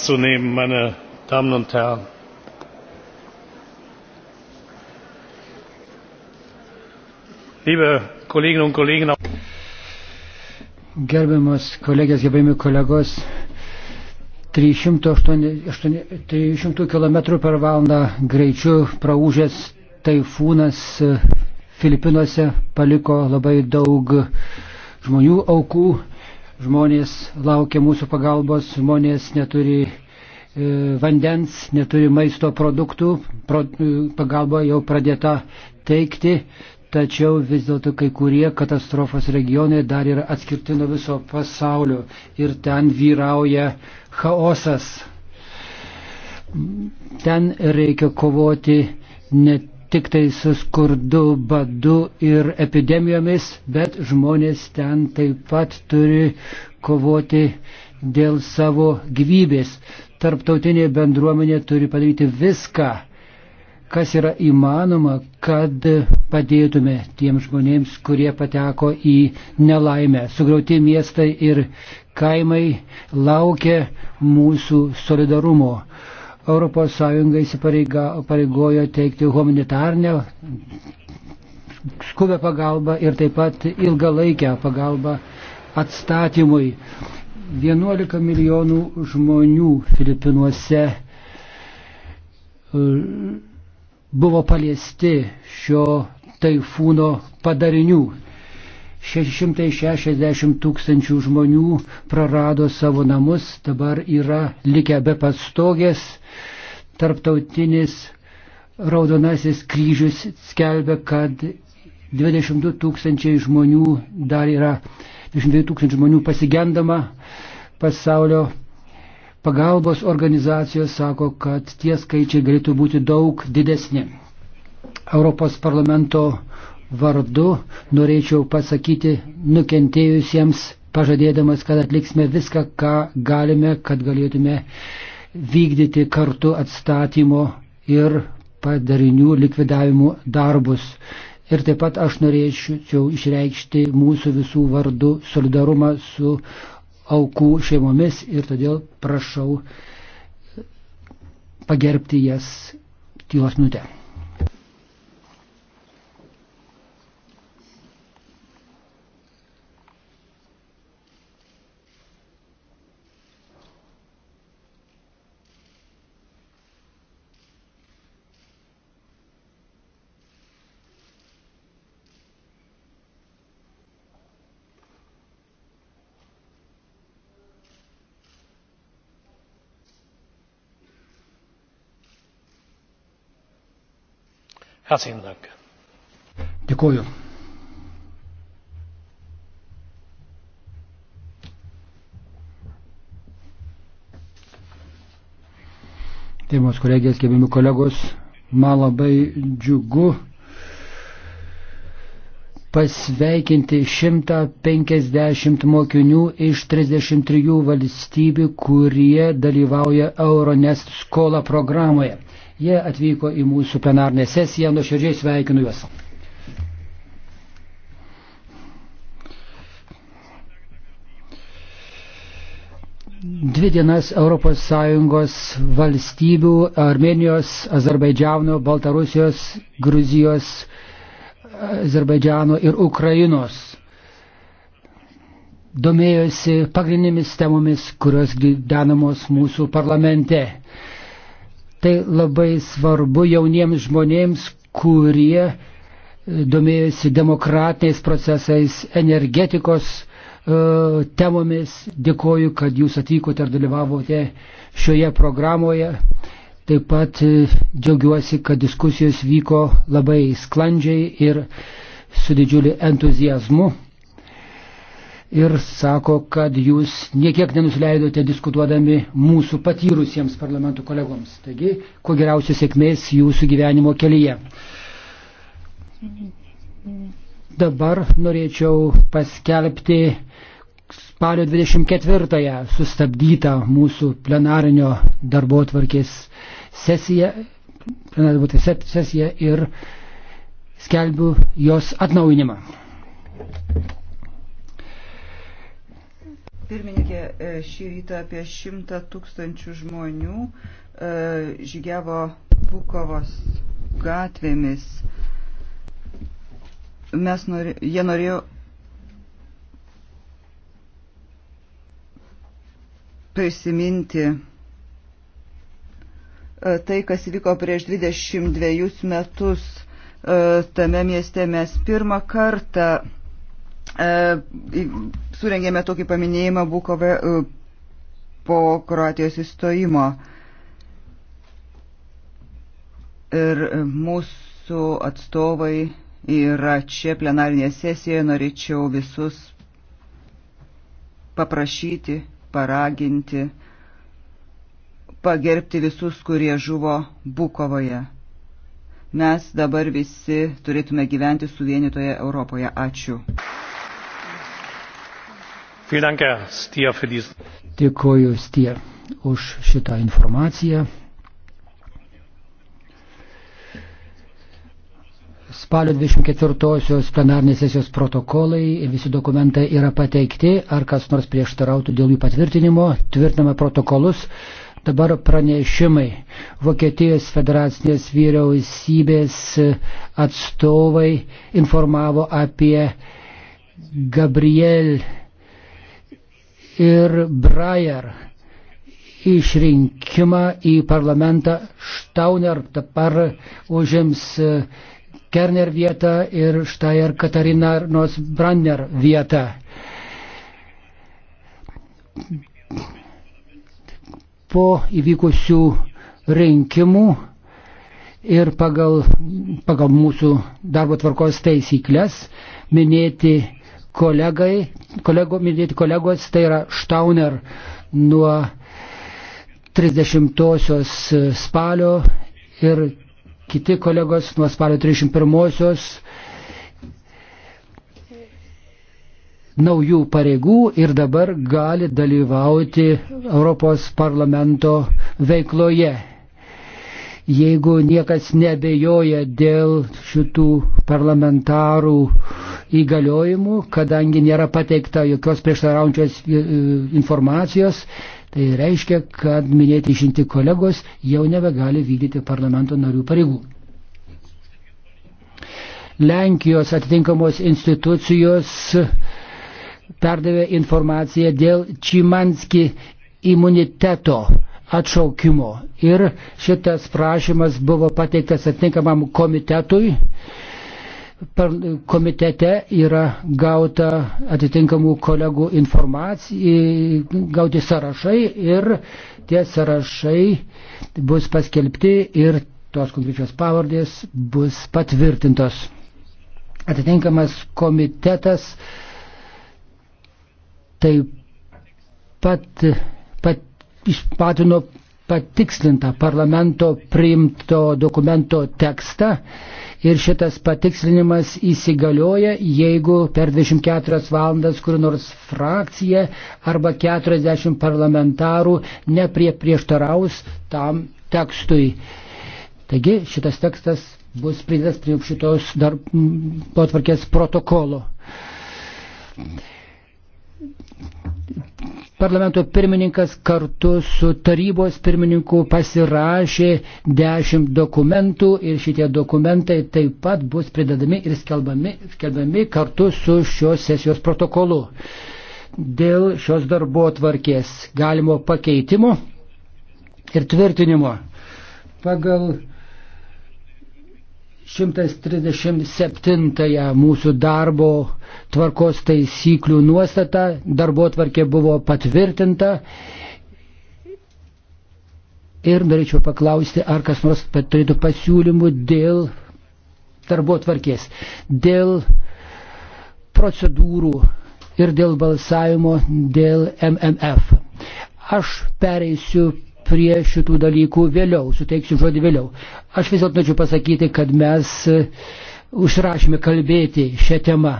platz zu nehmen meine damen und herren! liebe kolleginnen und kollegen! gerbiamos kolegės gerbiami kolegos trys šimtų kilometrų per valandą greičiu praūžęs taifūnas e, filipinuose paliko labai daug žmonių aukų žmonės laukia mūsų pagalbos, žmonės neturi e, vandens, neturi maisto produktų, pro, e, pagalba jau pradėta teikti, tačiau vis dėlto kai kurie katastrofos regionai dar yra atskirti nuo viso pasaulio ir ten vyrauja chaosas. Ten reikia kovoti ne tik tai su skurdu, badu ir epidemijomis, bet žmonės ten taip pat turi kovoti dėl savo gyvybės. Tarptautinė bendruomenė turi padaryti viską, kas yra įmanoma, kad padėtume tiems žmonėms, kurie pateko į nelaimę. Sugriauti miestai ir kaimai laukia mūsų solidarumo. ES įsipareigojo teikti humanitarnę skubę pagalbą ir taip pat ilgalaikę pagalbą atstatymui. 11 milijonų žmonių Filipinuose e, buvo paliesti šio taifūno padarinių. 660 tūkstančių žmonių prarado savo namus, dabar yra likę be pastogės. Tarptautinis Raudonasis kryžius skelbia, kad 22 tūkstančiai žmonių dar yra, 22 tūkstančių žmonių pasigendama pasaulio pagalbos organizacijos sako, kad tie skaičiai galėtų būti daug didesni. Europos parlamento vardu norėčiau pasakyti nukentėjusiems, pažadėdamas, kad atliksime viską, ką galime, kad galėtume vykdyti kartu atstatymo ir padarinių likvidavimų darbus. Ir taip pat aš norėčiau išreikšti mūsų visų vardu solidarumą su aukų šeimomis ir todėl prašau pagerbti jas tylos minutę. Herzlichen Dank. Dėkuoju. Gerbiamas kolegės, gerbiami kolegos, man labai džiugu pasveikinti 150 mokinių iš 33 valstybių, kurie dalyvauja Euronest skola programoje. Jie atvyko į mūsų plenarnę sesiją, nuoširdžiai sveikinu juos. Dvi dienas ES valstybių - Armenijos, Azerbaidžiavno, Baltarusijos, Gruzijos, Azerbaidžiano ir Ukrainos. Domėjosi pagrindinėmis temomis, kurios gyvenamos mūsų parlamente. Tai labai svarbu jauniems žmonėms, kurie domėjosi demokratiniais procesais, energetikos e, temomis. Dėkoju, kad jūs atvykote ir dalyvavote šioje programoje. Taip pat e, džiaugiuosi, kad diskusijos vyko labai sklandžiai ir su didžiuliu entuzijazmu. Ir sako, kad jūs niekiek nenusileidote diskutuodami mūsų patyrusiems parlamentų kolegoms. Taigi, kuo geriausios sėkmės jūsų gyvenimo kelyje. Dabar norėčiau paskelbti spalio 24-ąją sustabdytą mūsų plenarinio darbo tvarkės sesiją, plenarinė būtų sesija ir skelbiu jos atnaujinimą. Pirmininkė, e, šį rytą apie šimtą tūkstančių žmonių e, žygiavo Bukovos gatvėmis. Mes norė, jie norėjo prisiminti E, tai, kas įvyko prieš 22 metus e, tame mieste. Mes pirmą kartą e, surengėme tokį paminėjimą Bukove po Kroatijos įstojimo. Ir mūsų atstovai yra čia plenarinėje sesijoje. Norėčiau visus paprašyti, paraginti pagerbti visus, kurie žuvo Bukovoje. Mes dabar visi turėtume gyventi suvienitoje Europoje. Ačiū. Dėkoju Stier už šitą informaciją. Spalio 24-osios plenarnės sesijos protokolai ir visi dokumentai yra pateikti. Ar kas nors prieštarautų dėl jų patvirtinimo? Tvirtiname protokolus. Dabar pranešimai. Vokietijos federacinės vyriausybės atstovai informavo apie Gabriel ir Breyer išrinkimą į parlamentą. Štauner dabar užims Kerner vietą ir Štajer Katarina Nosbrander vietą po įvykusių rinkimų ir pagal, pagal mūsų darbo tvarkos taisyklės minėti kolegai, kolego, minėti kolegos, tai yra Štauner nuo 30 spalio ir kiti kolegos nuo spalio 31 naujų pareigų ir dabar gali dalyvauti Europos parlamento veikloje. Jeigu niekas nebejoja dėl šitų parlamentarų įgaliojimų, kadangi nėra pateikta jokios prieštaraujančios e, informacijos, tai reiškia, kad minėti išinti kolegos jau nebegali vykdyti parlamento narių pareigų. Lenkijos atitinkamos institucijos uh, perdavė informaciją dėl Čimanski imuniteto atšaukimo. Ir šitas prašymas buvo pateiktas atitinkamam komitetui. Komitete yra gauta atitinkamų kolegų informacija, gauti sąrašai ir tie sąrašai bus paskelbti ir tos konkrečios pavardės bus patvirtintos. Atitinkamas komitetas uh, taip pat, pat išpatino patikslintą parlamento priimto dokumento tekstą ir šitas patikslinimas įsigalioja, jeigu per 24 valandas kur nors frakcija arba 40 parlamentarų neprie prieštaraus tam tekstui. Taigi šitas tekstas bus pridėtas prie šitos dar potvarkės protokolo parlamento pirmininkas kartu su tarybos pirmininku pasirašė dešimt dokumentų ir šitie dokumentai taip pat bus pridedami ir skelbami, skelbami kartu su šios sesijos protokolu. Dėl šios darbo tvarkės galimo pakeitimo ir tvirtinimo pagal 137 mūsų darbo tvarkos taisyklių nuostata, darbo tvarkė buvo patvirtinta. Ir norėčiau paklausti, ar kas nors turėtų pasiūlymų dėl darbo tvarkės, dėl procedūrų ir dėl balsavimo dėl MMF. Aš pereisiu prie šitų dalykų vėliau, suteiksiu žodį vėliau. Aš vis dėlto norėčiau pasakyti, kad mes e, užrašėme kalbėti šią temą.